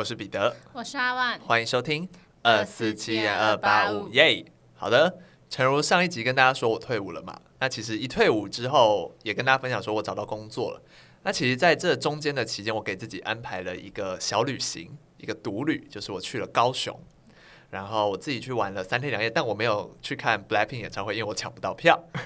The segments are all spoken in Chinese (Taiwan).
我是彼得，我是阿萬，歡迎收聽二四七二八五耶！Yeah, 好的，誠如上一集跟大家說，我退伍了嘛？那其實一退伍之後，也跟大家分享說我找到工作了。那其實在這中間的期間，我給自己安排了一個小旅行，一個獨旅，就是我去了高雄，然後我自己去玩了三天兩夜。但我沒有去看 BLACKPINK 演唱會，因為我搶不到票。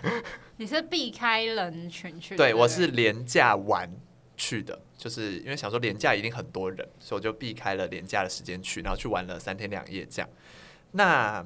你是避開人群去？對，我是廉價玩。去的，就是因為想說年假一定很多人，所以我就避開了年假的時間去，然後去玩了三天兩夜這樣。那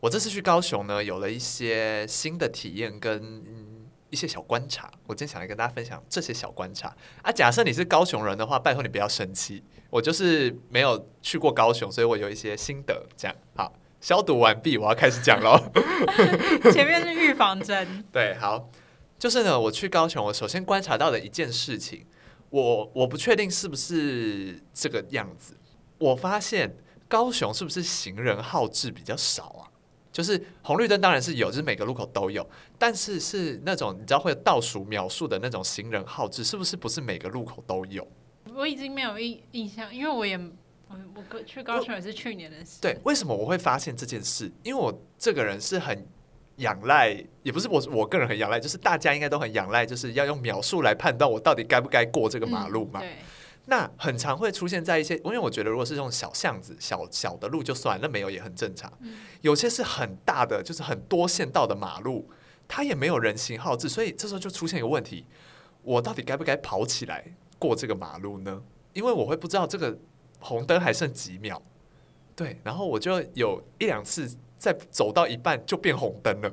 我這次去高雄呢，有了一些新的體驗跟、嗯、一些小觀察，我今天想來跟大家分享這些小觀察。啊，假設你是高雄人的話，拜託你不要生氣，我就是沒有去過高雄，所以我有一些心得。這樣，好，消毒完畢，我要開始講嘍。 前面是預防針， 對，好，就是呢，我去高雄，我首先觀察到的一件事情。我我不確定是不是這個樣子。我發現高雄是不是行人號志比較少啊？就是紅綠燈當然是有，就是每個路口都有，但是是那種你知道會有倒數秒數的那種行人號志，是不是不是每個路口都有？我已經沒有印印象，因為我也我我去高雄也是去年的事。對，為什麼我會發現這件事？因為我這個人是很。仰賴也不是我我個人很仰賴，就是大家應該都很仰賴，就是要用秒數來判斷我到底該不該過這個馬路嘛。嗯，對。那很常會出現在一些，因為我覺得如果是這種小巷子、小小的路就算，那沒有也很正常。嗯。有些是很大的，就是很多線道的馬路，它也沒有人行號志，所以這時候就出現一個問題：我到底該不該跑起來過這個馬路呢？因為我會不知道這個紅燈還剩幾秒。對。然後我就有一兩次。再走到一半就變紅燈了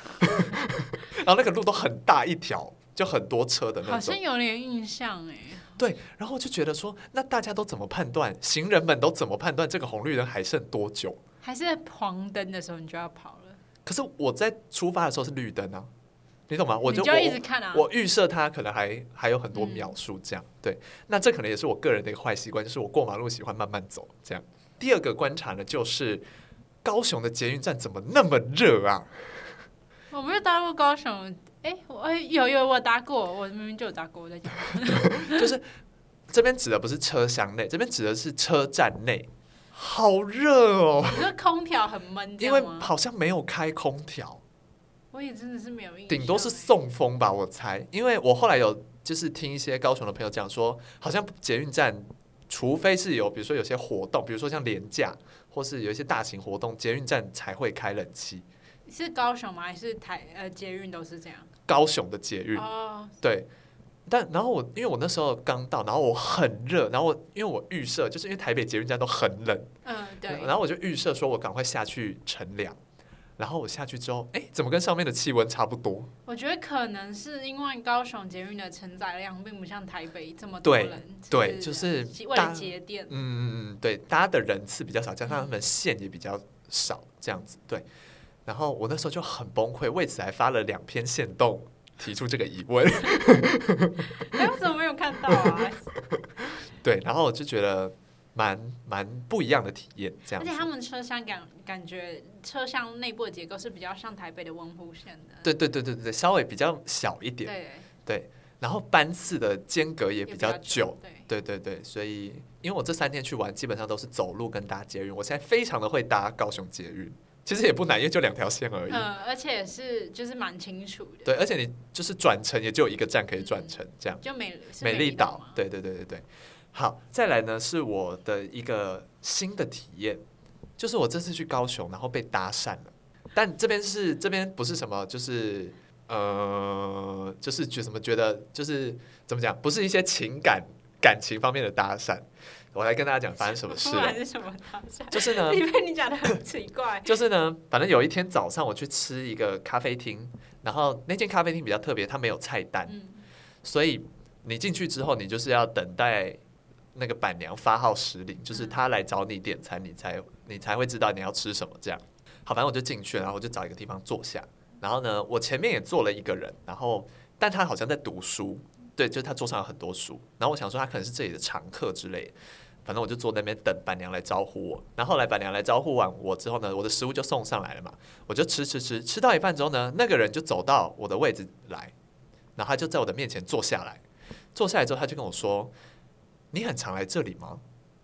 然後那個路都很大一條，就很多車的那種，好像有點印象哎、欸。對，然後我就覺得說，那大家都怎麼判斷？行人們都怎麼判斷這個紅綠燈還剩多久？還是黃燈的時候你就要跑了？可是我在出發的時候是綠燈啊，你懂嗎？我就,我就一直看啊，我預設它可能還還有很多秒數這樣、嗯。對，那這可能也是我個人的一個壞習慣，就是我過馬路喜歡慢慢走這樣。第二個觀察呢，就是。高雄的捷運站怎麼那麼熱啊？我沒有搭過高雄，哎、欸，我有有我搭過，我明明就有搭過。我在講， 就是這邊指的不是車廂內，這邊指的是車站內，好熱哦！是空調很悶，因為好像沒有開空調，我也真的是沒有印象，頂多是送風吧，我猜。因為我後來有就是聽一些高雄的朋友講說，好像捷運站除非是有，比如說有些活動，比如說像連假。或是有一些大型活動，捷運站才會開冷氣。是高雄嗎？還是台，呃，捷運都是這樣？高雄的捷運哦，對。但然後我因為我那時候剛到，然後我很熱，然後因為我預設就是因為台北捷運站都很冷，嗯、呃、對。然後我就預設說我趕快下去乘涼。然後我下去之後，哎，怎麼跟上面的氣溫差不多？我覺得可能是因為高雄捷運的承載量並不像台北這麼多人，對，是對就是搭節電嗯嗯嗯，對搭的人次比較少，加、嗯、上他們線也比較少，這樣子對。然後我那時候就很崩潰，為此還發了兩篇限動，提出這個疑問。 哎，有？怎麼沒有看到啊？ 對，然後我就覺得。蠻蠻不一樣的體驗，這樣。而且他們車廂感感覺車廂內部的結構是比較像台北的文湖線的。對對對對對，稍微比較小一點。對，對，對。然後班次的間隔也比較久，比較久對。對對對。所以，因為我這三天去玩，基本上都是走路跟搭捷運。我現在非常的會搭高雄捷運，其實也不難，因為就兩條線而已。嗯，而且是就是蠻清楚的。對，而且你就是轉乘，也就一個站可以轉乘，嗯，這樣。就美美麗島，美麗島。對對對對對，對。好，再來呢是我的一個新的體驗，就是我這次去高雄，然後被搭訕了。但這邊是這邊不是什麼，就是呃，就是覺怎麼覺得，就是怎麼講，不是一些情感感情方面的搭訕。我來跟大家講，發生什麼事了，不管是什麼搭訕，就是呢，因為你講得很奇怪。就是呢，反正有一天早上我去吃一個咖啡廳，然後那間咖啡廳比較特別，它沒有菜單，嗯，所以你進去之後，你就是要等待。那個板娘發號施令，就是他來找你點餐，你才你才，你才會知道你要吃什麼。這樣，好，反正我就進去，然後我就找一個地方坐下。然後呢，我前面也坐了一個人，然後但他好像在讀書，對，就是他桌上有很多書。然後我想說，他可能是這裡的常客之類的。反正我就坐那邊等板娘來招呼我。然後，後來板娘來招呼完我之後呢，我的食物就送上來了嘛，我就吃吃吃，吃到一半之後呢，那個人就走到我的位置來，然後他就在我的面前坐下來。坐下來之後，他就跟我說。你很常來這裡嗎？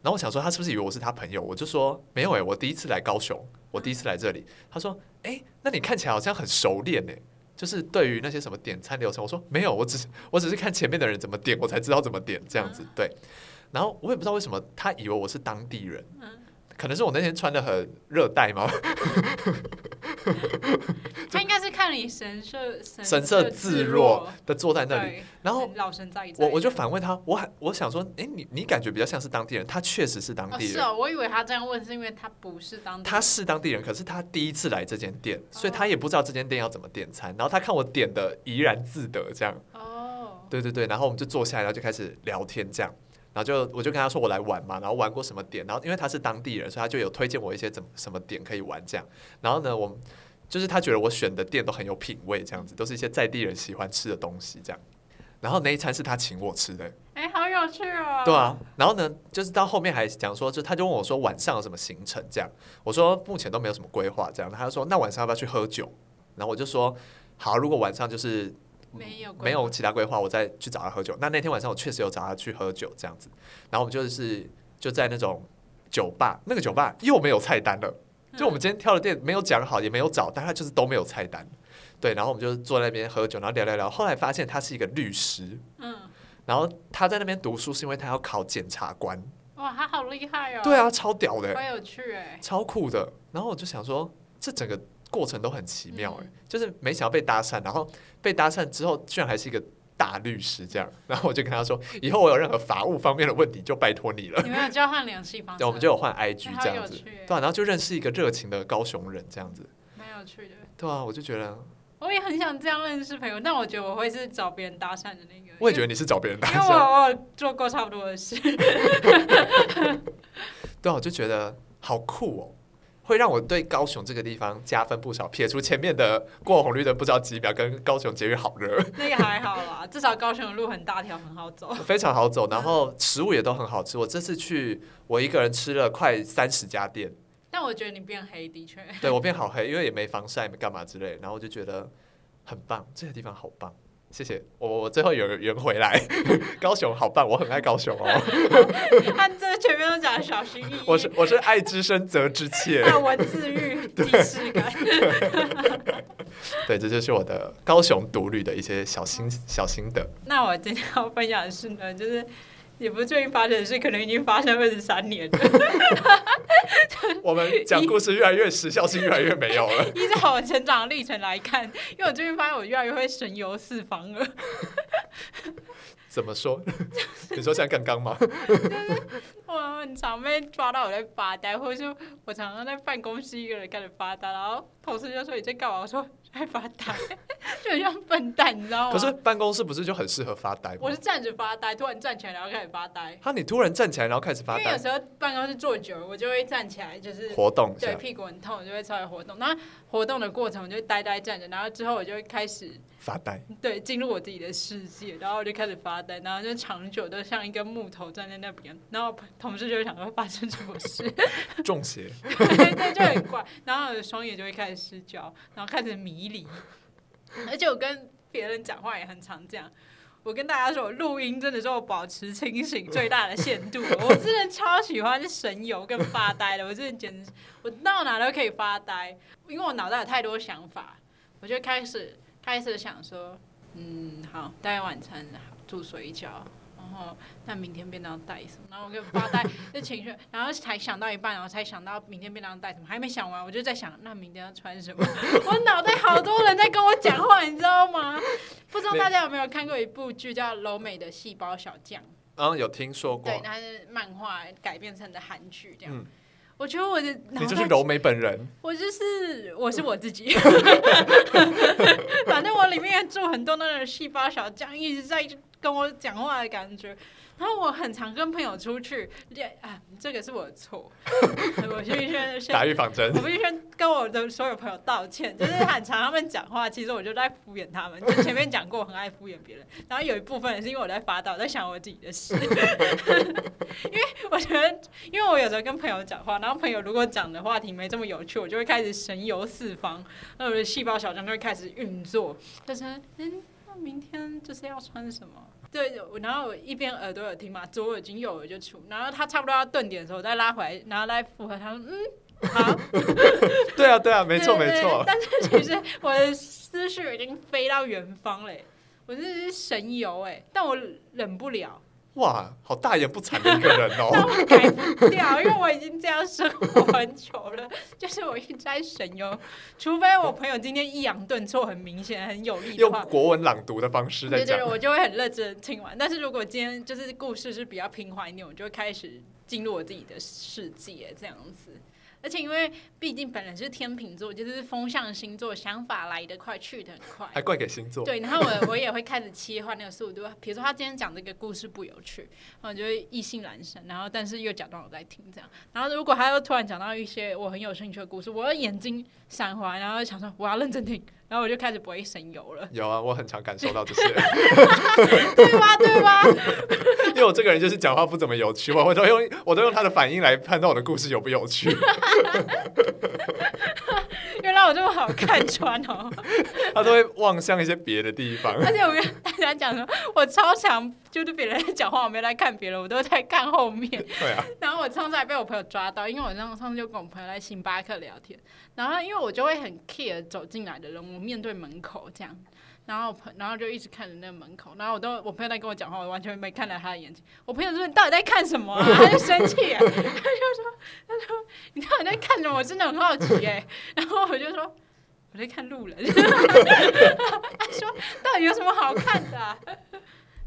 然後我想說，他是不是以為我是他朋友？我就說沒有欸，我第一次來高雄，我第一次來這裡。他說：“欸，那你看起來好像很熟練欸，就是對於那些什麼點餐流程。”我說：“沒有，我只我只是看前面的人怎麼點，我才知道怎麼點這樣子。”對。然後我也不知道為什麼他以為我是當地人，可能是我那天穿的很熱帶嘛 你神色，神色自自若的坐在那裡，然後我我就反問他，我我想說，哎、欸，你你感覺比較像是當地人？他確實是當地人，哦、是啊、哦。我以為他這樣問是因為他不是當地人，他是當地人，可是他第一次來這間店、哦，所以他也不知道這間店要怎麼點餐。然後他看我點的怡然自得這樣，哦，對對對。然後我們就坐下來，然後就開始聊天這樣。然後就我就跟他說我來玩嘛，然後玩過什麼點？然後因為他是當地人，所以他就有推薦我一些怎麼什麼點可以玩這樣。然後呢，我。就是他覺得我選的店都很有品味，這樣子都是一些在地人喜歡吃的東西，這樣。然後那一餐是他請我吃的、欸。哎、欸，好有趣哦！對啊，然後呢，就是到後面還講說，就他就問我說晚上有什麼行程，這樣。我說目前都沒有什麼規劃，這樣。他就說那晚上要不要去喝酒？然後我就說好。啊，如果晚上就是沒有沒有其他規劃，我再去找他喝酒。那那天晚上我確實有找他去喝酒，這樣子。然後我們就是就在那種酒吧，那個酒吧又沒有菜單了。就我們今天挑的店沒有講好，也沒有找，但他就是都沒有菜單，對。然後我們就坐在那邊喝酒，然後聊聊聊。後來發現他是一個律師，嗯，然後他在那邊讀書是因為他要考檢察官。哇，他好厲害哦！對啊，超屌的欸，超有趣欸，超酷的。然後我就想說，這整個過程都很奇妙哎欸，嗯，就是沒想到被搭訕，然後被搭訕之後居然還是一個。大律師這樣，然後我就跟他說：“以後我有任何法務方面的問題，就拜托你了。”你們有交換聯繫方式，？ 我們就有換 IG 這樣子，對、啊，然後就認識一個熱情的高雄人這樣子，蠻有趣的。對啊，我就覺得、啊、我也很想這樣認識朋友，但我覺得我會是找別人搭訕的那個。我也覺得你是找別人搭訕，因為我，我有做過差不多的事。 對啊，我就覺得好酷哦。會讓我對高雄這個地方加分不少。撇除前面的過紅綠燈不知道幾秒，跟高雄結緣好熱。那個還好啦， 至少高雄的路很大條，很好走。非常好走，然後食物也都很好吃。我這次去，我一個人吃了快三十家店。但我覺得你變黑的確。對，我變好黑，因為也沒防曬，沒幹嘛之類，然後我就覺得很棒，這個地方好棒。謝謝，我我最後有人回來，高雄好棒，我很愛高雄哦。他這前面都講小心翼翼，我是我是愛之深，責之切，要 我自愈， 對 對，這就是我的高雄獨旅的一些小心、小心得。 那我今天要分享的是呢，就是。也不是最近發生的事，可能已經發生二十三年了。 我們講故事越來越時效性越來越沒有了。依 照我成長的歷程來看，因為我最近發現我越來越會神遊四方了。 怎麼說？ 你說像剛剛嗎？ 就是我很常被抓到我在發呆，或者是我常常在辦公室一個人開始發呆，然後同事就說你在幹嘛？我說我在發呆， 就很像笨蛋，你知道嗎？可是辦公室不是就很適合發呆嗎？我是站着發呆，突然站起來然後開始發呆。哈！你突然站起來然後開始發呆？因為有時候辦公室坐久了，我就會站起來，就是活動，對，屁股很痛，我就會稍微活動。然後活動的過程我就會呆呆站着，然後之後我就會開始發呆，對，進入我自己的世界，然後我就開始發呆，然後就長久的像一個木頭站在那邊，然後。同事就會想說會發生什麼事，中邪， 那中邪笑就很怪。然後我的雙眼就會開始失焦，然後開始迷離。而且我跟別人講話也很常這樣。我跟大家說，我錄音真的是我保持清醒最大的限度。我真的超喜歡神遊跟發呆的，我真的簡直我到我哪都可以發呆，因為我腦袋有太多想法。我就開始開始想說，嗯，好，待晚餐煮水餃。哦，那明天便當帶什麼？然後我就發呆，這情緒，然後才想到一半，然後才想到明天便當帶什麼，還沒想完，我就在想那明天要穿什麼。我腦袋好多人在跟我講話，你知道嗎？不知道大家有沒有看過一部劇叫《柔美的細胞小將》？嗯，有聽說過。對，它是漫畫改編成的韓劇，這樣，嗯。我覺得我的腦袋你就是柔美本人，我就是我是我自己。 反正我裡面住很多那種細胞小將，一直在。跟我講話的感覺，然後我很常跟朋友出去練啊，這個是我的錯， 我先先打預防針，我不先跟我的所有朋友道歉，就是很常他們講話，其實我就在敷衍他們，就前面講過，我很愛敷衍別人。然後有一部分是因為我在發呆，在想我自己的事， 因為我覺得，因為我有時候跟朋友講話，然後朋友如果講的話題沒這麼有趣，我就會開始神遊四方，那我的細胞小將就會開始運作，可是嗯，那明天就是要穿什麼？對，然後我一邊耳朵有聽嘛，左耳進右耳就出。然後他差不多要頓點的時候，我再拉回來，然後再附和他說，嗯，好、啊。 對啊，對啊，沒錯對對對，沒錯。但是其實我的思緒已經飛到遠方嘞， 我這是神遊哎，但我忍不了。哇，好大言不慚的一個人哦、喔！ 但我改不掉， 因為我已經這樣生活很久了，就是我一直在神遊，除非我朋友今天抑揚頓挫很明顯、很有力的話，用國文朗讀的方式在講，對對對，我就會很認真聽完。 但是如果今天就是故事是比較平緩一點，我就會開始進入我自己的世界這樣子。而且因為畢竟本來是天秤座，就是風象星座，想法來得快，去得很快，還怪給星座。對，然後我我也會開始切換那個速度。 比如說他今天講這個故事不有趣，我就會意興闌珊，然後但是又假裝我在聽這樣。然後如果他又突然講到一些我很有興趣的故事，我的眼睛閃花，然後想說我要認真聽。然後我就開始不會神遊了。有啊，我很常感受到這些， 對吧對吧 因為我這個人就是講話不怎麼有趣嘛，我都用我都用他的反應來判斷我的故事有不有趣。 原來我這麼好看穿哦、喔！ 他都會望向一些別的地方。 而且我跟大家講說，我超想，就是別人講話，我沒在看別人，我都在看後面。對啊。然後我上次還被我朋友抓到，因為我上上次就跟我朋友在星巴克聊天，然後因為我就會很 care 走進來的人，我面對門口這樣。然後，然後就一直看着那個門口。然後我都，我朋友在跟我講話，我完全沒看到他的眼睛。我朋友說：“你到底在看什麼啊？”他就生氣，他就說：“他說你到底在看什麼？我真的很好奇哎。”然後我就說：“我在看路人。”他說：“到底有什麼好看的啊？”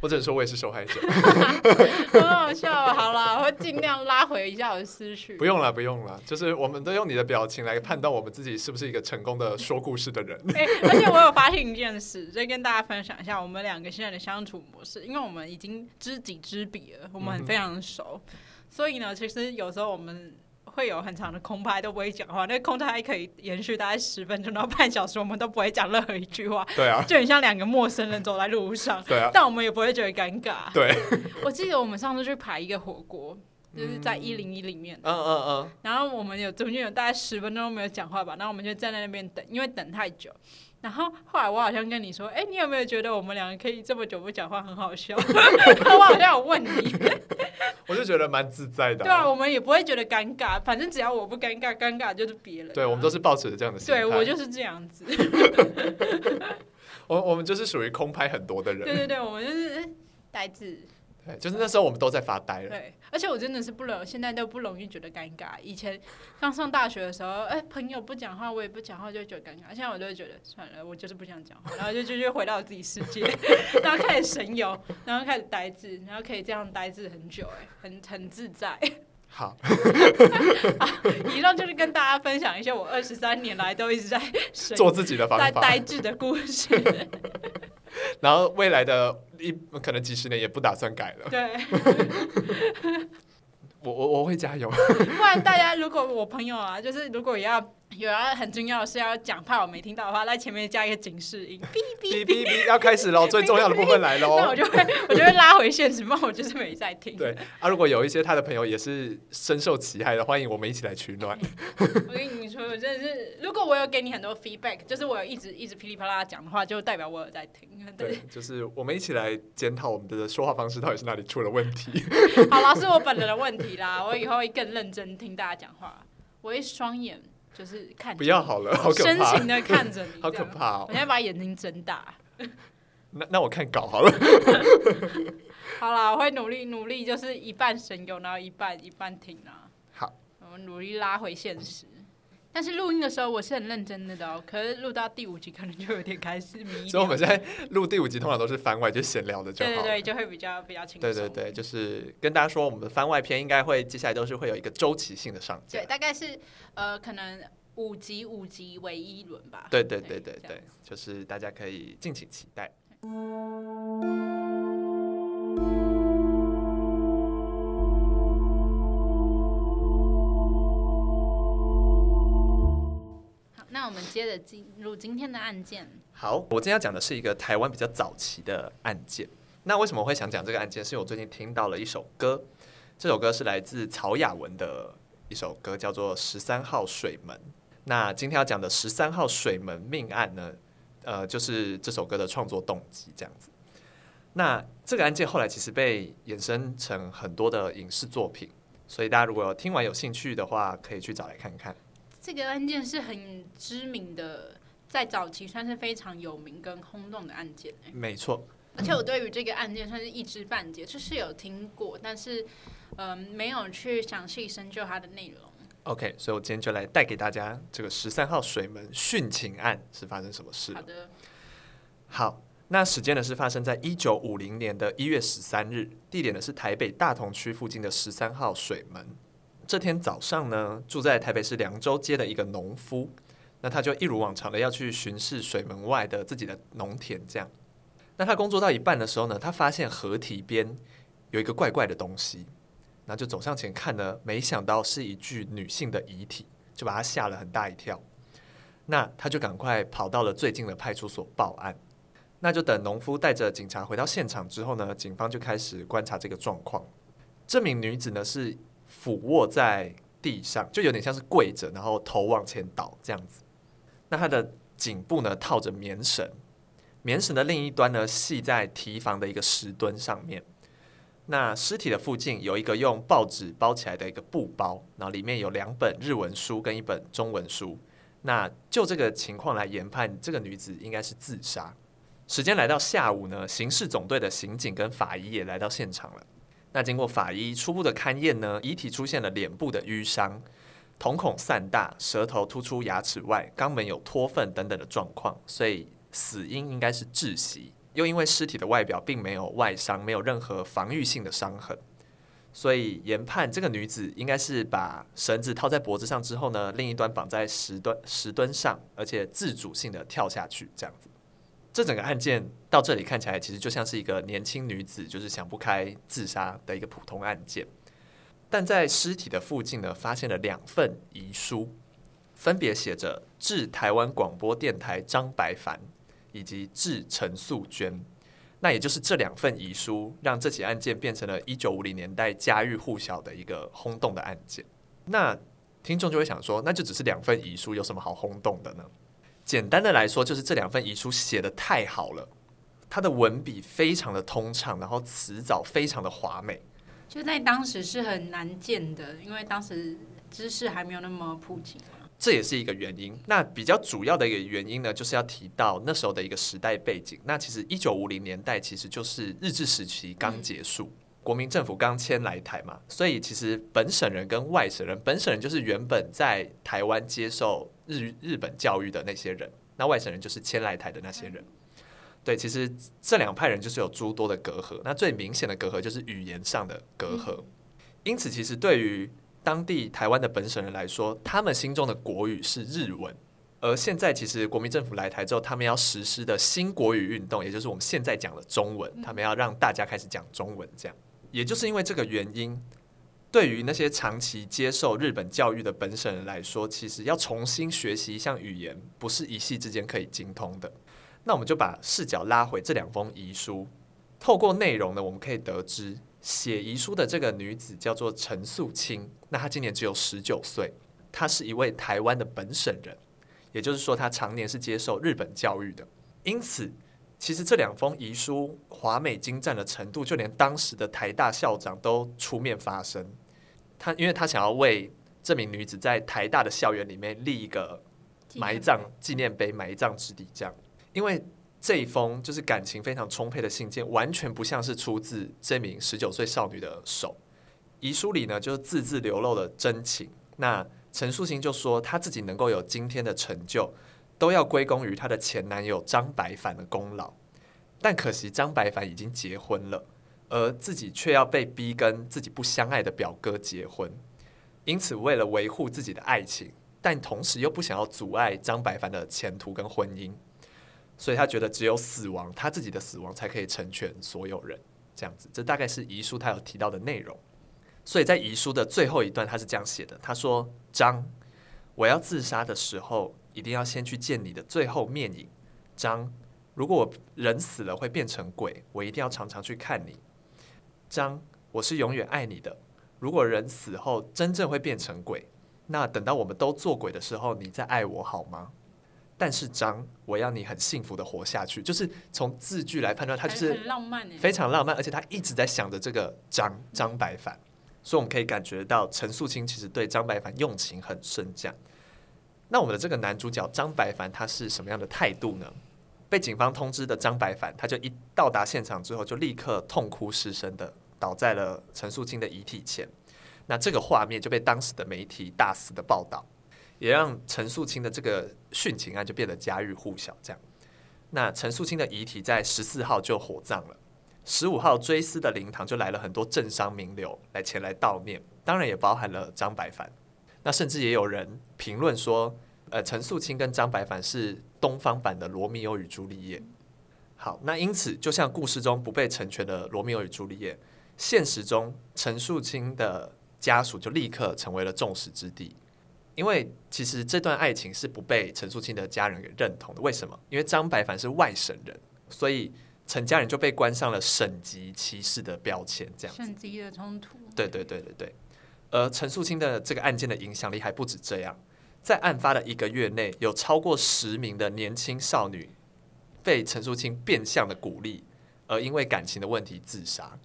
我只能說我也是受害者 ，很好笑。好啦，我會盡量拉回一下我的思緒。 不用了，不用了，就是我們都用你的表情來判斷我們自己是不是一個成功的說故事的人。 欸、而且我有發現一件事，就跟大家分享一下我們兩個現在的相處模式，因為我們已經知己知彼了，我們很非常熟，嗯，所以呢，其實有時候我們，會有很長的空拍都不會講話，那個空拍可以延續大概十分鐘到半小時，我們都不會講任何一句話。對啊，就很像兩個陌生人走在路上。 對啊，但我們也不會覺得尷尬。對， 我記得我們上次去排一個火鍋，就是在一零一裡面。嗯嗯嗯。然後我們有中間有大概十分鐘都沒有講話吧，然後我們就站在那邊等，因為等太久。然後後來我好像跟你說，哎、欸，你有沒有覺得我們兩個可以這麼久不講話很好笑？ 我好像有問你 我就覺得蠻自在的啊。對啊，我們也不會覺得尷尬，反正只要我不尷尬，尷尬就是別人啊。對，我們都是抱持着這樣的心態。對，我就是這樣子 我。我我們就是屬於空拍很多的人。對對對，我們就是呆 子。就是那時候我們都在發呆了。嗯、對，而且我真的是不容，現在都不容易覺得尷尬。以前剛上大學的時候，哎、欸，朋友不講話，我也不講話，就覺得尷尬。現在我就會覺得算了，我就是不想講話，然後就就就回到自己世界， 然後開始神遊，然後開始呆滯，然後可以這樣呆滯很久、欸，哎，很很自在。好， 好，以上就是跟大家分享一些我二十三年來都一直在神做自己的方法、呆滯的故事。 然後未來的一可能幾十年也不打算改了。對， 我我我會加油。 不然大家如果我朋友啊，就是如果要。有啊，很重要的是要講，怕我沒聽到的話，在前面加一個警示音。嗶嗶嗶嗶，要開始嘍，最重要的部分來了哦。那我就會，我就會拉回現實，不過我就是沒在聽。對啊，如果有一些他的朋友也是深受其害的，歡迎我們一起來取暖。Okay. 我跟你說，我真的是，如果我有給你很多 feedback，就是我有一直一直噼里啪啦講的話，就代表我有在聽。對，對就是我們一起來檢討我們的說話方式到底是哪裡出了問題。好啦，是我本人的問題啦，我以後會更認真聽大家講話，我會雙眼。就是看不要好了，好可怕，深情的看着， 好可怕、哦！我現在把眼睛睜大。 那那我看稿好了， 好啦，我會努力努力，就是一半神遊，然後一半一半聽啊。好，我們努力拉回現實。但是錄音的時候我是很認真的，的哦，可是錄到第五集可能就有點開始迷。 所以我們現在錄第五集通常都是番外就閒聊的就好。對、對、對，就會比較比較輕鬆。對對對，就是跟大家說，我們的番外篇應該會接下來都是會有一個周期性的上架。對，大概是呃可能五集五集為一輪吧。對對對對對，就是大家可以敬請期待。嗯接着進入今天的案件。好，我今天要講的是一個台灣比較早期的案件。那為什麼我會想講這個案件？是因為我最近聽到了一首歌，這首歌是來自曹雅文的一首歌，叫做《十三號水門》。那今天要講的十三號水門命案呢，呃，就是這首歌的創作動機這樣子。那這個案件後來其實被衍生成很多的影視作品，所以大家如果聽完有興趣的話，可以去找來看看。這個案件是很知名的，在早期算是非常有名跟轟動的案件。沒錯，而且我對於這個案件算是一知半解，就是有聽過，但是嗯、呃，沒有去詳細深究它的內容。OK，所以我今天就來帶給大家這個十三號水門殉情案是發生什麼事。好的，好，那時間呢是發生在一九五零年的一月十三日，地點呢是台北大同區附近的十三號水門。這天早上呢，住在台北市涼州街的一個農夫，那他就一如往常的要去巡視水門外的自己的農田，這樣。那他工作到一半的時候呢，他發現河堤邊有一個怪怪的東西，那就走向前看呢，沒想到是一具女性的遺體，就把他嚇了很大一跳。那他就趕快跑到了最近的派出所報案。那就等農夫帶着警察回到現場之後呢，警方就開始觀察這個狀況。這名女子呢是……俯臥在地上，就有點像是跪着，然後頭往前倒這樣子。那她的頸部呢套着棉繩，棉繩的另一端呢繫在堤防的一個石墩上面。那屍體的附近有一個用報紙包起來的一個布包，然後裡面有兩本日文書跟一本中文書。那就這個情況來研判，這個女子應該是自殺。時間來到下午呢，刑事總隊的刑警跟法醫也來到現場了。那經過法醫初步的勘驗呢，遺體出現了臉部的淤傷，瞳孔散大，舌頭突出牙齒外，肛門有脫糞等等的狀況，所以死因應該是窒息。又因為屍體的外表並沒有外傷，沒有任何防禦性的傷痕，所以研判這個女子應該是把繩子套在脖子上之後呢，另一端綁在石墩、石墩上，而且自主性的跳下去這樣子。這整個案件到這裡看起來，其實就像是一個年輕女子就是想不開自殺的一個普通案件，但在屍體的附近呢，發現了兩份遺書，分別寫着“致台灣廣播電台張白帆”以及“致陳素娟”。那也就是這兩份遺書，讓這起案件變成了一九五零年代家喻戶曉的一個轟動的案件。那聽眾就會想說，那就只是兩份遺書，有什麼好轟動的呢？簡單的來說，就是這兩份遺書寫的太好了，它的文筆非常的通暢，然後詞藻非常的華美，就在當時是很難見的，因為當時知識還沒有那麼普及、啊、這也是一個原因。那比較主要的一個原因呢，就是要提到那時候的一個時代背景。那其實一九五零年代其實就是日治時期剛結束、嗯，國民政府剛遷來台嘛，所以其實本省人跟外省人，本省人就是原本在台灣接受，日語、日本教育的那些人，那外省人就是遷來台的那些人。對，其實這兩派人就是有諸多的隔閡。那最明顯的隔閡就是語言上的隔閡。嗯。因此，其實對於當地台灣的本省人來說，他們心中的國語是日文。而現在，其實國民政府來台之後，他們要實施的新國語運動，也就是我們現在講的中文。他們要讓大家開始講中文，這樣，也就是因為這個原因。對於那些長期接受日本教育的本省人來說，其實要重新學習一項語言，不是一夕之間可以精通的。那我們就把視角拉回這兩封遺書，透過內容呢，我們可以得知，寫遺書的這個女子叫做陳素清，那她今年只有十九歲，她是一位台灣的本省人，也就是說，她常年是接受日本教育的，因此。其實這兩封遺書華美精湛的程度，就連當時的台大校長都出面發聲。他，因為他想要為這名女子在台大的校園裡面立一個埋葬紀念碑、埋葬之地。這樣，因為這一封就是感情非常充沛的信件，完全不像是出自這名十九歲少女的手。遺書裡呢，就是字字流露的真情。那陳樹新就說，他自己能夠有今天的成就，都要歸功於她的前男友張白帆的功勞，但可惜張白帆已經結婚了，而自己卻要被逼跟自己不相愛的表哥結婚，因此為了維護自己的愛情，但同時又不想要阻礙張白帆的前途跟婚姻，所以他覺得只有死亡，他自己的死亡才可以成全所有人。這樣子，這大概是遺書他有提到的內容。所以在遺書的最後一段，他是這樣寫的：“他說張，我要自殺的時候。”一定要先去見你的最後面影，張。如果我人死了會變成鬼，我一定要常常去看你，張。我是永遠愛你的。如果人死後真正會變成鬼，那等到我們都做鬼的時候，你再愛我好嗎？但是張，我要你很幸福的活下去。就是從字句來判斷，他就是浪漫非常浪漫，浪漫，而且他一直在想着這個張張白帆，所以我們可以感覺到陳素卿其實對張白帆用情很深，這樣。那我們的這個男主角張白帆他是什麼樣的態度呢？被警方通知的張白帆，他就一到達現場之後，就立刻痛哭失聲的倒在了陳素卿的遺體前。那這個畫面就被當時的媒體大肆的報道，也讓陳素卿的這個殉情案就變得家喻戶曉。這樣，那陳素卿的遺體在十四號就火葬了，十五號追思的靈堂就來了很多政商名流來前來悼念，當然也包含了張白帆。那甚至也有人評論說，呃，陳素卿跟張白帆是東方版的羅密歐與朱麗葉，嗯。好，那因此就像故事中不被成全的羅密歐與朱麗葉，現實中陳素卿的家屬就立刻成為了眾矢之的，因為其實這段愛情是不被陳素卿的家人給認同的。為什麼？因為張白帆是外省人，所以陳家人就被關上了省級歧視的標籤，這樣子省級的衝突。對對對對對。而、呃、陳素卿的這個案件的影響力還不止這樣，在案發的一個月內，有超過十名的年輕少女被陳素卿變相的鼓勵，而、呃、因為感情的問題自殺。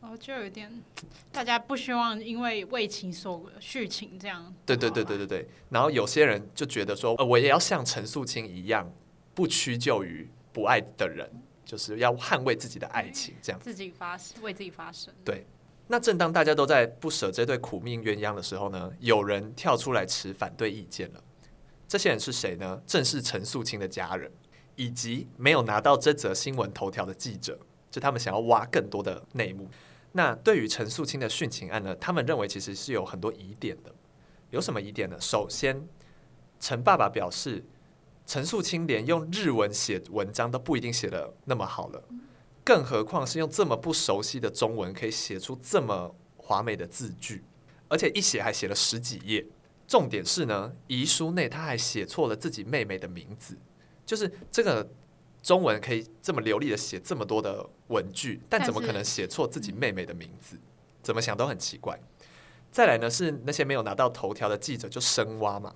哦，就有點大家不希望因為為情所殉情，這樣。對對對對對對。然後有些人就覺得說，呃，我也要像陳素卿一樣，不屈就於不愛的人，嗯、就是要捍衛自己的愛情、嗯、這樣。自己發為自己發聲。對。那正當大家都在不捨這對苦命鴛鴦的時候呢，有人跳出來持反對意見了。這些人是誰呢？正是陳素卿的家人，以及沒有拿到這則新聞頭條的記者，就他們想要挖更多的內幕。那對於陳素卿的殉情案呢，他們認為其實是有很多疑點的。有什麼疑點呢？首先，陳爸爸表示，陳素卿連用日文寫文章都不一定寫得那麼好了。嗯更何況是用這麼不熟悉的中文，可以寫出這麼華美的字句，而且一寫還寫了十幾頁。重點是呢，遺書內他還寫錯了自己妹妹的名字，就是這個中文可以這麼流利的寫這麼多的文句，但怎麼可能寫錯自己妹妹的名字？怎麼想都很奇怪。再來呢，是那些沒有拿到頭條的記者就深挖嘛，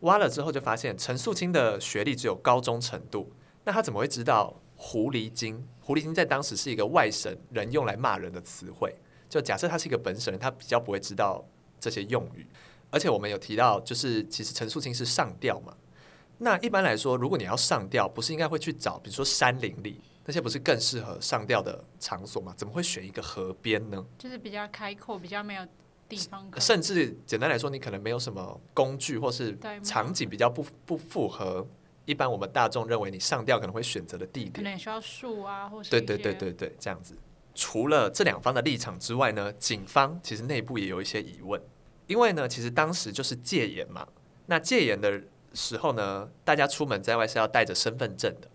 挖了之後就發現陳素清的學歷只有高中程度，那他怎麼會知道？狐狸精，狐狸精在當時是一個外省人用來罵人的詞彙。就假設他是一個本省人，他比較不會知道這些用語。而且我們有提到，就是其實陳素清是上吊嘛。那一般來說，如果你要上吊，不是應該會去找，比如說山林裡那些，不是更適合上吊的場所嗎？怎麼會選一個河邊呢？就是比較開闊，比較沒有地方。甚至簡單來說，你可能沒有什麼工具，或是場景比較不不符合。一般我們大眾認為，你上吊可能會選擇的地點，可能需要樹啊，或什麼對對對對對，這樣子。除了這兩方的立場之外呢，警方其實內部也有一些疑問，因為呢，其實當時就是戒嚴嘛。那戒嚴的時候呢，大家出門在外是要帶着身份證的。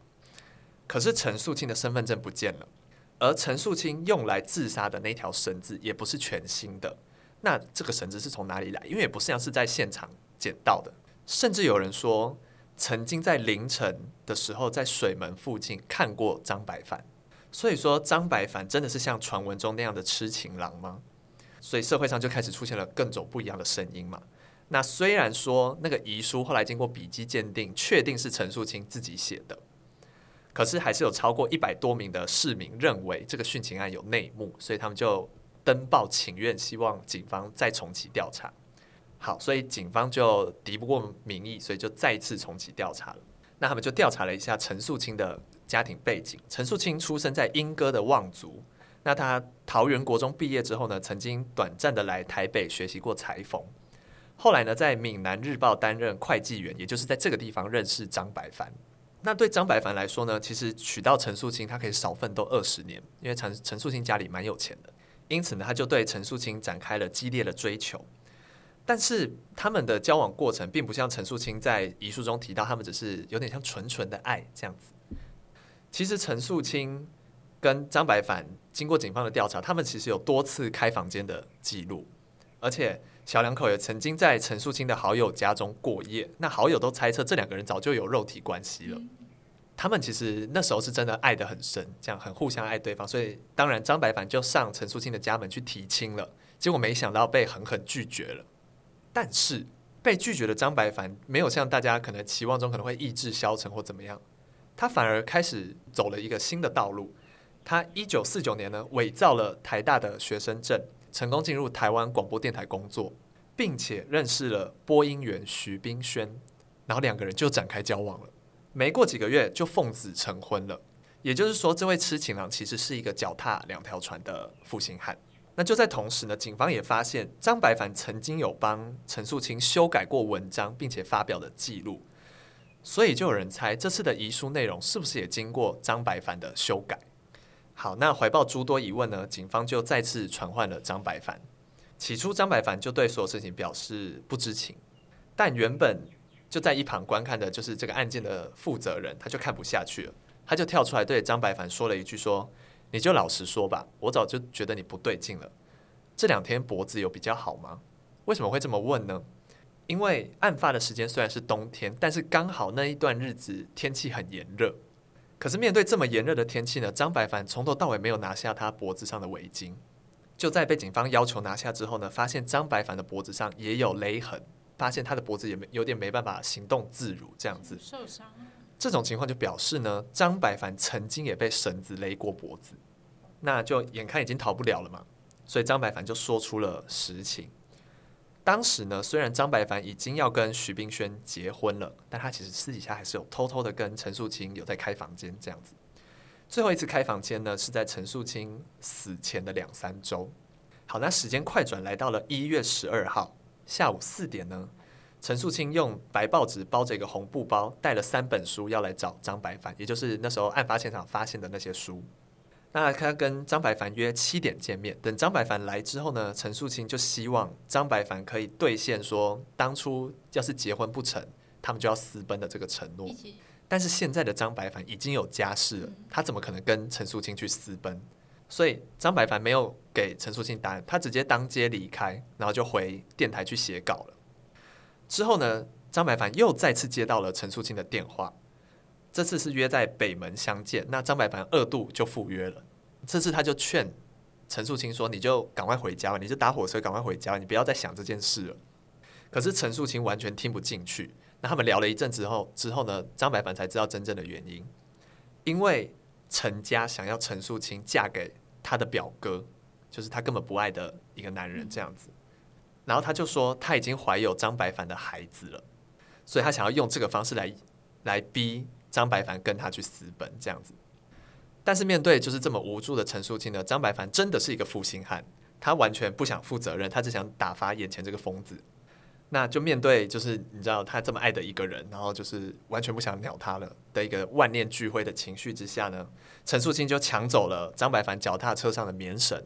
可是陳素清的身份證不見了，而陳素清用來自殺的那條繩子也不是全新的。那這個繩子是從哪裡來？因為也不像是在現場撿到的，甚至有人說。曾經在凌晨的時候，在水門附近看過張白帆，所以說張白帆真的是像傳聞中那樣的癡情郎嗎？所以社會上就開始出現了各種不一樣的聲音嘛。那雖然說那個遺書後來經過筆跡鑑定，確定是陳素卿自己寫的，可是還是有超過一百多名的市民認為這個殉情案有內幕，所以他們就登報請願，希望警方再重啟調查。好，所以警方就敵不過民意，所以就再次重啟調查了。那他們就調查了一下陳素卿的家庭背景。陳素卿出生在鶯歌的望族。那他桃園國中畢業之後呢，曾經短暫的來台北學習過裁縫。後來呢，在《閩南日報》擔任會計員，也就是在這個地方認識張白帆。那對張白帆來說呢，其實娶到陳素卿，他可以少奮鬥二十年，因為陳陳素卿家裡蠻有錢的。因此呢，他就對陳素卿展開了激烈的追求。但是他們的交往過程並不像陳素清在遺書中提到，他們只是有點像純純的愛這樣子。其實陳素清跟張白帆經過警方的調查，他們其實有多次開房間的記錄，而且小兩口也曾經在陳素清的好友家中過夜。那好友都猜測這兩個人早就有肉體關係了。他們其實那時候是真的愛得很深，這樣很互相愛對方。所以當然張白帆就上陳素清的家門去提親了，結果沒想到被狠狠拒絕了。但是被拒絕的張白帆沒有像大家可能期望中可能會意志消沉或怎麼樣，他反而開始走了一個新的道路。他一九四九年呢偽造了台大的學生證，成功進入台灣廣播電台工作，並且認識了播音員徐冰軒，然後兩個人就展開交往了。沒過幾個月就奉子成婚了。也就是說，這位痴情郎其實是一個腳踏兩條船的負心漢。那就在同時呢，警方也發現張白帆曾經有幫陳素清修改過文章、並且發表的記錄，所以就有人猜這次的遺書內容是不是也經過張白帆的修改。好，那懷抱諸多疑問呢，警方就再次傳喚了張白帆。起初，張白帆就對所有事情表示不知情，但原本就在一旁觀看的就是這個案件的負責人，他就看不下去了，他就跳出來對張白帆說了一句說，你就老實說吧，我早就覺得你不對勁了。這兩天脖子有比較好嗎？為什麼會這麼問呢？因為案發的時間雖然是冬天，但是剛好那一段日子天氣很炎熱。可是面對這麼炎熱的天氣呢，張白帆從頭到尾沒有拿下他脖子上的圍巾。就在被警方要求拿下之後呢，發現張白帆的脖子上也有勒痕，發現他的脖子也有點沒辦法行動自如，這樣子受傷。這種情況就表示呢，張白帆曾經也被繩子勒過脖子，那就眼看已經逃不了了嘛，所以張白帆就說出了實情。當時呢，雖然張白帆已經要跟徐冰軒結婚了，但他其實私底下還是有偷偷的跟陳素卿有在開房間這樣子。最後一次開房間呢，是在陳素卿死前的兩三周。好，那時間快轉來到了一月十二號下午四點呢。陳素卿用白報紙包着一個紅布包，帶了三本書要來找張白帆，也就是那時候案發現場發現的那些書。那他跟張白帆約七點見面，等張白帆來之後呢，陳素卿就希望張白帆可以兌現說，當初要是結婚不成，他們就要私奔的這個承諾。但是現在的張白帆已經有家室了，他怎麼可能跟陳素卿去私奔？所以張白帆沒有給陳素卿答案，他直接當街離開，然後就回電台去寫稿了。之後呢，張白帆又再次接到了陳素卿的電話，這次是約在北門相見。那張白帆二度就赴約了。這次他就勸陳素卿說：“你就趕快回家吧，你就搭火車趕快回家，你不要再想這件事了。”可是陳素卿完全聽不進去。那他們聊了一陣之後，之後呢，張白帆才知道真正的原因，因為陳家想要陳素卿嫁給他的表哥，就是他根本不愛的一個男人，這樣子。然後他就說他已經懷有張白帆的孩子了，所以他想要用這個方式來來逼張白帆跟他去私奔這樣子。但是面對就是這麼無助的陳素卿呢，張白帆真的是一個負心漢，他完全不想負責任，他只想打發眼前這個瘋子。那就面對就是你知道他這麼愛的一個人，然後就是完全不想鳥他了的一個萬念俱灰的情緒之下呢，陳素卿就搶走了張白帆腳踏車上的棉繩。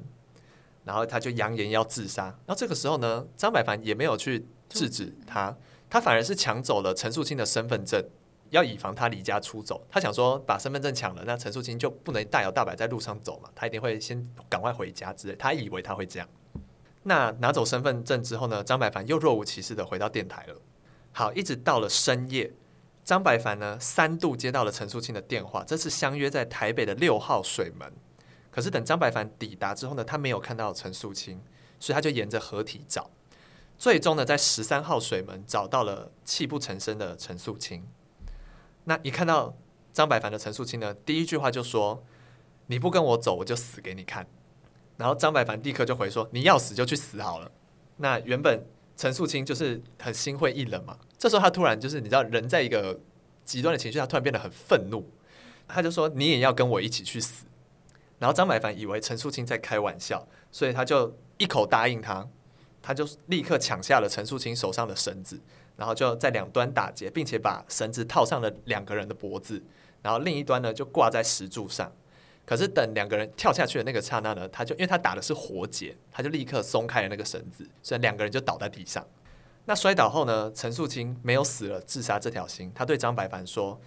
然後他就揚言要自殺。那這個時候呢，張白帆也沒有去制止他，他反而是搶走了陳素卿的身份證，要以防他離家出走。他想說把身份證搶了，那陳素卿就不能大搖大擺在路上走嘛，他一定會先趕快回家之類的。他以為他會這樣。那拿走身份證之後呢，張白帆又若無其事地回到電台了。好，一直到了深夜，張白帆呢三度接到了陳素卿的電話，這次相約在台北的六號水門。可是等張白帆抵達之後呢，他沒有看到陳素清，所以他就沿着河堤找，最終呢，在十三號水門找到了泣不成聲的陳素清。那一看到張白帆的陳素清呢，第一句話就說：“你不跟我走，我就死給你看。”然後張白帆立刻就回說：“你要死就去死好了。”那原本陳素清就是很心灰意冷嘛，這時候他突然就是你知道人在一個極端的情緒，他突然變得很憤怒，他就說：“你也要跟我一起去死。”然後張白帆以為陳素卿在開玩笑，所以他就一口答應他，他就立刻搶下了陳素卿手上的繩子，然後就在兩端打結，並且把繩子套上了兩個人的脖子，然後另一端呢就掛在石柱上。可是等兩個人跳下去的那個剎那呢，他就因為他打的是活結，他就立刻鬆開了那個繩子，所以兩個人就倒在地上。那摔倒後呢，陳素卿沒有死了自殺這條心，他對張白帆說：“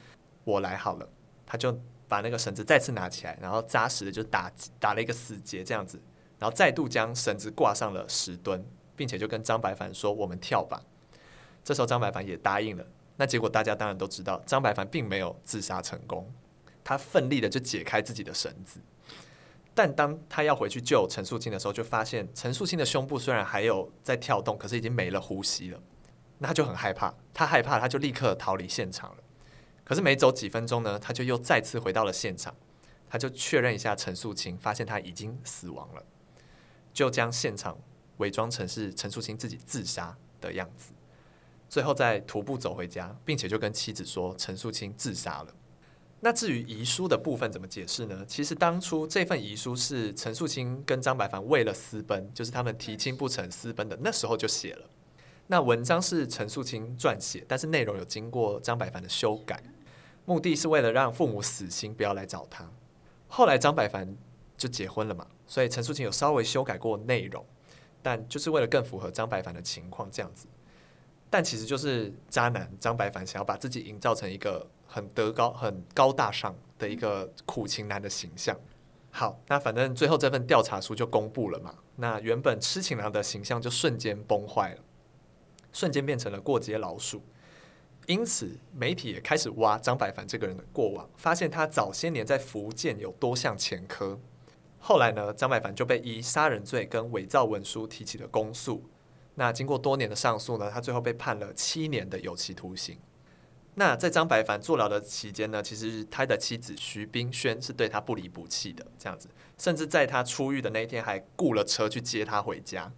我來好了。”他就。把那個繩子再次拿起來，然後扎實的就打打了一個死結，這樣子，然後再度將繩子掛上了石墩，並且就跟張白凡說：“我們跳吧。”這時候張白凡也答應了。那結果大家當然都知道，張白凡並沒有自殺成功，他奮力的就解開自己的繩子。但當他要回去救陳素清的時候，就發現陳素清的胸部雖然還有在跳動，可是已經沒了呼吸了。那他就很害怕，他害怕，他就立刻逃離現場了。可是沒走幾分鐘呢，他就又再次回到了現場，他就確認一下陳素卿，發現他已經死亡了，就將現場偽裝成是陳素卿自己自殺的樣子，最後再徒步走回家，並且就跟妻子說陳素卿自殺了。那至於遺書的部分怎麼解釋呢？其實當初這份遺書是陳素卿跟張白帆為了私奔，就是他們提親不成私奔的那時候就寫了。那文章是陳素卿撰寫，但是內容有經過張白帆的修改。目的是為了讓父母死心，不要來找他。後來張白帆就結婚了嘛，所以陳素卿有稍微修改過內容，但就是為了更符合張白帆的情況這樣子。但其實就是渣男張白帆想要把自己營造成一個很德高很高大上的一個苦情男的形象。好，那反正最後這份調查書就公布了嘛，那原本痴情郎的形象就瞬間崩壞了，瞬間變成了過街老鼠。因此，媒體也開始挖張百凡這個人的過往，發現他早些年在福建有多項前科。後來呢，張百凡就被以殺人罪跟偽造文書提起了公訴。那經過多年的上訴呢，他最後被判了七年的有期徒刑。那在張百凡坐牢的期間呢，其實他的妻子徐冰軒是對他不離不棄的，這樣子，甚至在他出獄的那一天還雇了車去接他回家。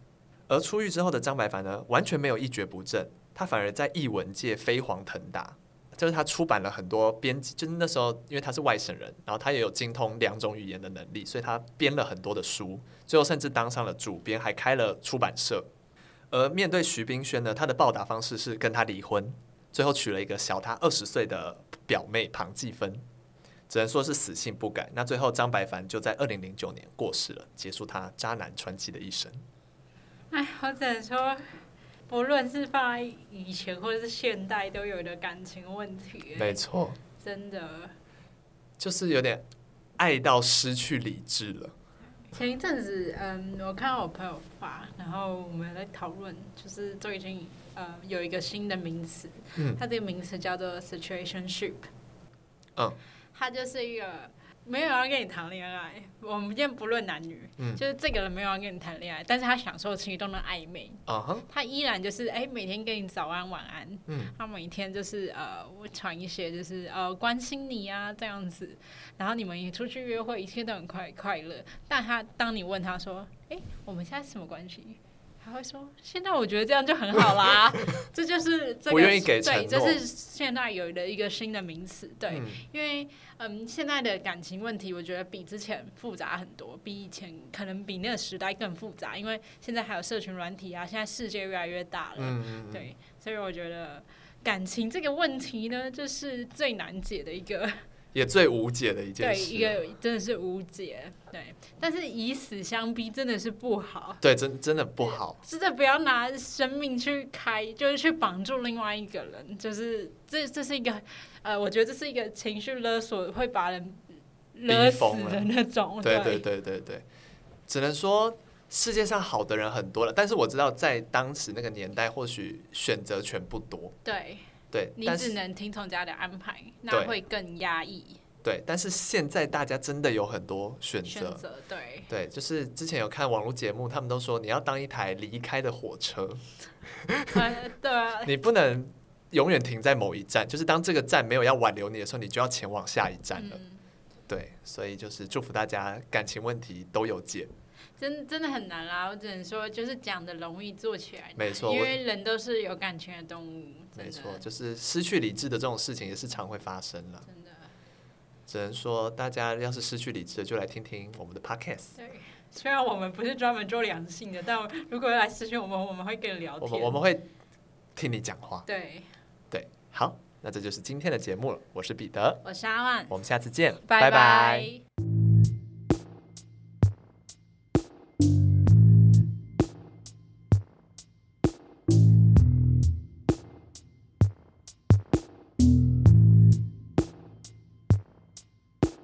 而出獄之後的張百凡呢，完全沒有一蹶不振，他反而在譯文界飛黃騰達，就是他出版了很多編輯，就是那時候因為他是外省人，然後他也有精通兩種語言的能力，所以他編了很多的書，最後甚至當上了主編，還開了出版社。而面對徐冰軒呢，他的報答方式是跟他離婚，最後娶了一個小他二十歲的表妹龐繼芬，只能說是死性不改。那最後張白凡就在二零零九年過世了，結束他渣男傳奇的一生。哎，好難說。不論是放在以前或者是現代，都有的感情問題，欸。沒錯，真的就是有點愛到失去理智了。前一陣子，嗯，我看到我朋友發，然後我們在討論，就是最近呃有一個新的名詞，嗯，它這個名詞叫做 “situationship”，嗯，它就是一個。沒有要跟你談戀愛，我們今天不論男女，嗯、就是這個人沒有人跟你談戀愛，但是他享受其中的曖昧，Uh-huh. 他依然就是哎、欸、每天跟你早安晚安、嗯，他每天就是呃會傳一些就是呃關心你啊這樣子，然後你們也出去約會，一切都很快快樂。但他當你問他說，哎、欸、我們現在是什麼關係？他會說：“現在我覺得這樣就很好啦， 這就是這個，對，這是現在有的一個新的名詞，對，嗯、因為嗯，現在的感情問題，我覺得比之前複雜很多，比以前可能比那個時代更複雜，因為現在還有社群軟體啊，現在世界越來越大了嗯嗯嗯，對，所以我覺得感情這個問題呢，就是最難解的一個。”也最無解的一件事，對，對一個真的是無解，對，但是以死相逼真的是不好，對，真真的不好，是的，不要拿生命去開，就是去綁住另外一個人，就是這這是一個，呃，我覺得這是一個情緒勒索，會把人勒死的了那種，對對對對對，只能說世界上好的人很多了，但是我知道在當時那個年代，或許選擇權不多，對。對，但是你只能聽從家的安排，那會更壓抑。對，但是現在大家真的有很多選擇。選擇對，對，就是之前有看網絡節目，他們都說你要當一台離開的火車。對， 對啊，你不能永遠停在某一站，就是當這個站沒有要挽留你的時候，你就要前往下一站了。嗯，對，所以就是祝福大家感情問題都有解。真真的很難啦，我只能說，就是講的容易做起來，沒錯，因為人都是有感情的動物。沒錯，就是失去理智的這種事情也是常會發生的。真的，只能說大家要是失去理智，就來聽聽我們的 podcast。雖然我們不是專門做兩性的，但如果要來諮詢我們，我們會跟人聊天，我,我們會聽你講話。對對，好，那這就是今天的節目了。我是彼得，我是阿萬，我們下次見，拜拜。Bye bye